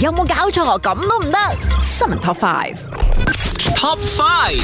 有冇搞錯啊？咁都唔得。新聞 Top Five，Top Five，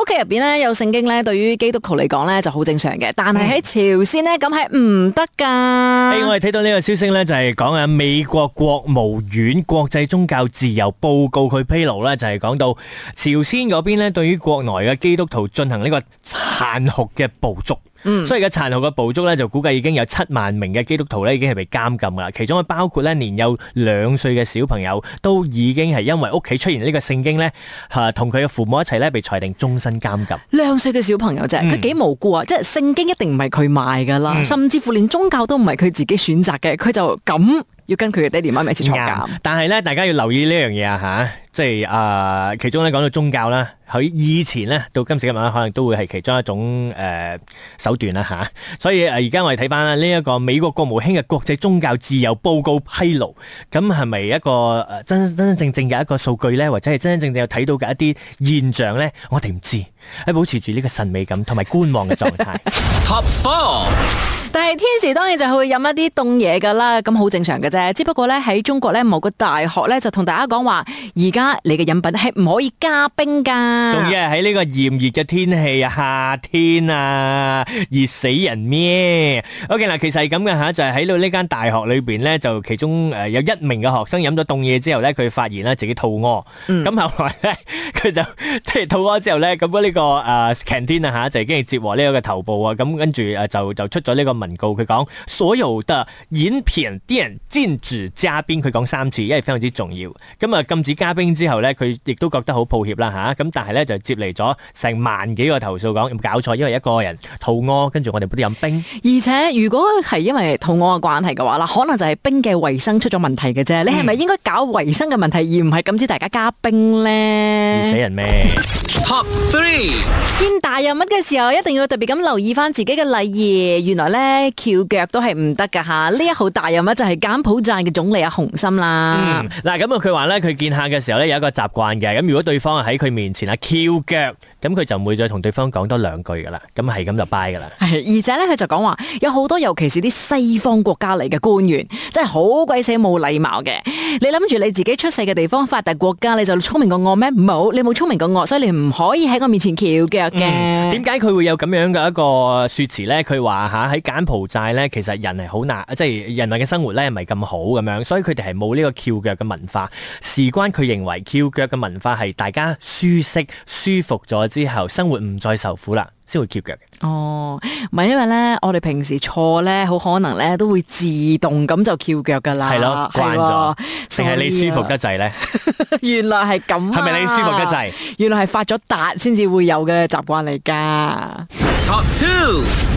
屋企入邊咧有聖經咧，對於基督徒嚟講咧就好正常嘅，但係喺朝鮮呢，咁係唔得噶。誒，hey, 我哋睇到呢個消息咧，就係講啊，美國國務院國際宗教自由報告佢披露咧，就係講到朝鮮嗰邊咧，對於國內嘅基督徒進行呢個殘酷嘅捕捉。所以而家殘酷嘅捕捉咧，就估計已經有七萬名嘅基督徒咧，已經係被監禁噶啦。其中包括咧，年幼兩歲嘅小朋友都已經係因為屋企出現呢個聖經咧，吓同佢嘅父母一齊咧被裁定終身監禁。兩歲嘅小朋友啫，佢、嗯、幾無辜啊！即係聖經一定唔係佢買噶啦，嗯、甚至乎連宗教都唔係佢自己選擇嘅，佢就咁要跟佢嘅爹哋媽咪一齊坐監、嗯。但係咧，大家要留意呢樣嘢啊吓。即係啊、呃，其中咧講到宗教啦，佢以前咧到今時今日可能都會係其中一種誒、呃、手段啦吓、啊。所以誒而家我哋睇翻啦呢一個美國國務卿嘅國際宗教自由報告披露，咁係咪一個誒真真正正嘅一個數據咧，或者係真真正正，正有睇到嘅一啲現象咧？我哋唔知。喺保持住呢個神秘感同埋觀望嘅狀態。Top four， 但係天時當然就會飲一啲凍嘢噶啦，咁好正常嘅啫。只不過咧喺中國咧某個大學咧就同大家講話而家。你嘅飲品係唔可以加冰噶，仲要係喺呢個炎熱嘅天氣啊，夏天啊，熱死人咩？OK 嗱，其實係咁嘅嚇，就係喺到呢間大學裏邊咧，就其中誒有一名嘅學生飲咗凍嘢之後咧，佢發現咧自己肚屙，咁、嗯、後來咧佢就即係、就是、肚屙之後咧，咁嗰呢個誒 canteen 啊嚇，就已經接獲呢個嘅頭部啊，咁跟住誒就就出咗呢個文告，佢講所有的飲品店，禁止加冰，佢講三次，因為非常之重要，咁啊禁止加冰。之後咧，佢亦都覺得好抱歉啦吓，咁、啊、但係咧就接嚟咗成萬幾個投訴，講搞錯，因為一個人肚屙，跟住我哋冇得飲冰，而且如果係因為肚屙嘅關係嘅話啦，可能就係冰嘅衛生出咗問題嘅啫，你係咪應該搞衛生嘅問題，而唔係禁止大家加冰咧？熱、嗯、死人咩？ Top three 見大人物嘅時候，一定要特別咁留意翻自己嘅禮儀。原來呢，翹腳都係唔得噶吓。呢一號大人物就係柬埔寨嘅總理阿洪森啦。嗱、嗯，咁啊，佢話呢，佢見客嘅時候呢，有一個習慣嘅。咁如果對方喺佢面前啊翹腳。咁佢就唔會再同對方講多兩句噶啦，咁係咁就 bye 噶啦。 而且咧佢就講話有好多，尤其是啲西方國家嚟嘅官員，真係好鬼死冇禮貌嘅。你諗住你自己出世嘅地方發達國家，你就聰明過我咩？冇，你冇聰明過我，所以你唔可以喺我面前翹腳嘅。點解佢會有咁樣嘅一個說辭咧？佢話吓喺柬埔寨咧，其實人係好難，即係人類嘅生活咧唔係咁好咁樣，所以佢哋係冇呢個翹腳嘅文化。事關佢認為翹腳嘅文化係大家舒適舒服咗。之後生活唔再受苦啦，先會翹腳嘅。哦，唔係因為咧，我哋平時錯咧，好可能咧都會自動咁就翹腳噶啦。係咯了，慣咗，定係了你舒服得滯咧？ 原來係咁，係咪你舒服得滯？原來係發咗達先至會有嘅習慣嚟噶。Top two。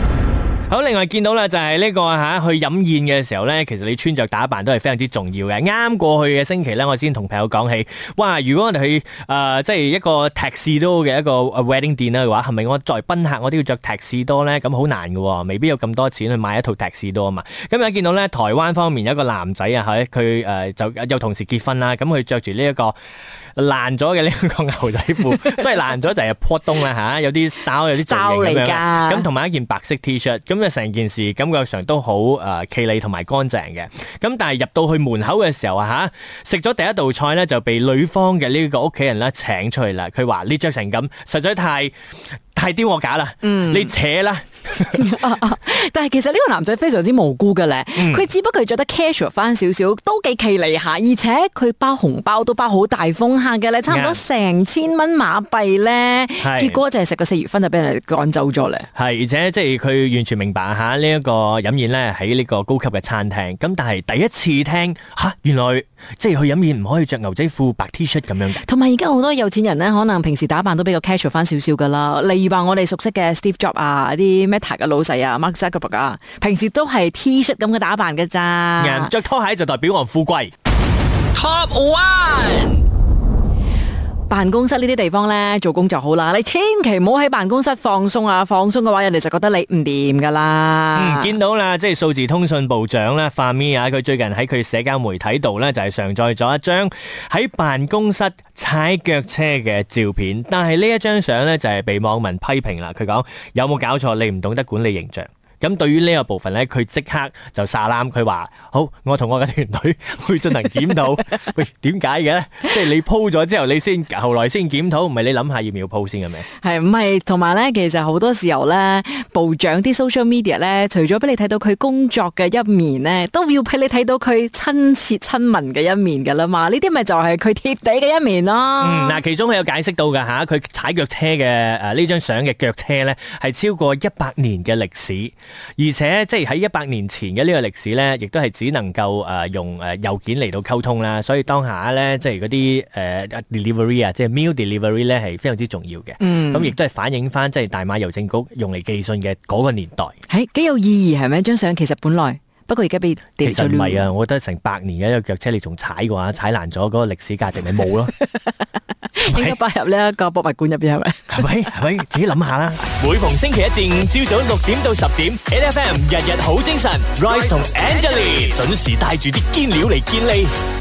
好，另外見到咧就係呢個吓去飲宴嘅時候咧，其實你穿着打扮都係非常之重要嘅。啱過去嘅星期咧，我先同朋友講起，哇！如果我哋去誒即係一個 tuxedo 嘅一個 wedding 店啦嘅話，係咪我作為賓客我都要着 tuxedo 咧？咁好難㗎喎，未必有咁多錢去買一套 tuxedo 啊嘛。咁又見到咧台灣方面有一個男仔啊，佢誒就又同時結婚啦，咁佢着住呢一個爛咗嘅呢個牛仔褲，即係爛咗就係破洞啦吓，有啲 style 有啲皺形咁樣，咁同埋一件白色 T 恤咁。咁啊，成件事感覺上都好誒企理同埋乾淨嘅，咁但係入到去門口嘅時候啊，嚇食咗第一道菜呢，就被女方嘅呢個屋企人咧請出去啦。佢話你着成咁，實在太太丟我架啦，嗯、你扯啦！ 但係其實呢個男仔非常之無辜嘅咧，佢、嗯、只不過着得 casual 翻少少，都幾企理下，而且佢包紅包都包好大封盒嘅咧，差唔多成千蚊馬幣咧，嗯、結果就係食個四月份就俾人趕走咗咧。係，而且即係佢完全明白吓呢一個飲宴咧，喺呢個高級嘅餐廳，咁但係第一次聽吓，原來。即係去飲宴唔可以着牛仔褲白 T 恤咁樣。同埋而家好多有錢人咧，可能平時打扮都比較 casual 翻少少噶啦。例如話我哋熟悉嘅 Steve Job 啊，啲 Meta 嘅老細啊，Mark Zuckerberg 啊，平時都係 T 恤咁嘅打扮嘅咋。着拖鞋就代表我富貴。Top one。辦公室呢啲地方呢，做工作就好啦。你千祈唔好喺辦公室放鬆啊！放鬆嘅話，人哋就覺得你唔掂噶啦。嗯，見到啦，即係數字通訊部長咧，范咪 r 佢最近喺佢社交媒體度呢，就係、是、上載咗一張喺辦公室踩腳車嘅照片。但係呢一張相呢，就係被網民批評啦。佢講，有冇搞錯？你唔懂得管理形象。咁對於呢個部分咧，佢即刻就曬冷，佢話：好，我同我嘅團隊去進行檢討。 喂，點解嘅咧？即係你鋪咗之後你，你先後來先檢討，唔係你諗下要唔要鋪先嘅咩？係唔係？同埋咧，其實好多時候咧，部長啲 social media 咧，除咗俾你睇到佢工作嘅一面咧，都要俾你睇到佢親切親民嘅一面噶啦嘛。呢啲咪就係佢貼地嘅一面咯。嗱、嗯啊，其中佢有解釋到嘅嚇，佢踩腳車嘅誒呢張相嘅腳車咧，係超過一百年嘅歷史。而且即係喺一百年前嘅呢個歷史咧，亦都係只能夠誒用誒郵件嚟到溝通啦。所以當下咧，即係嗰啲誒 delivery 啊，呃、Delivery，即係 mail delivery 咧，係非常之重要嘅。咁、嗯、亦都係反映翻即係大馬郵政局用嚟寄信嘅嗰個年代。係幾有意義係咪？張相其實本來不過而家俾其實唔係啊！我覺得成百年嘅一個腳車，你仲踩嘅話踩爛，踩爛咗嗰個歷史價值咪冇咯。 應該擺入呢一個博物館入邊，係咪？係咪？係咪？自己諗下啦。每逢星期一至五，朝早六點到十點，NFM 日日好精神，Rice 同 Angelina 準時帶住啲堅料嚟堅利。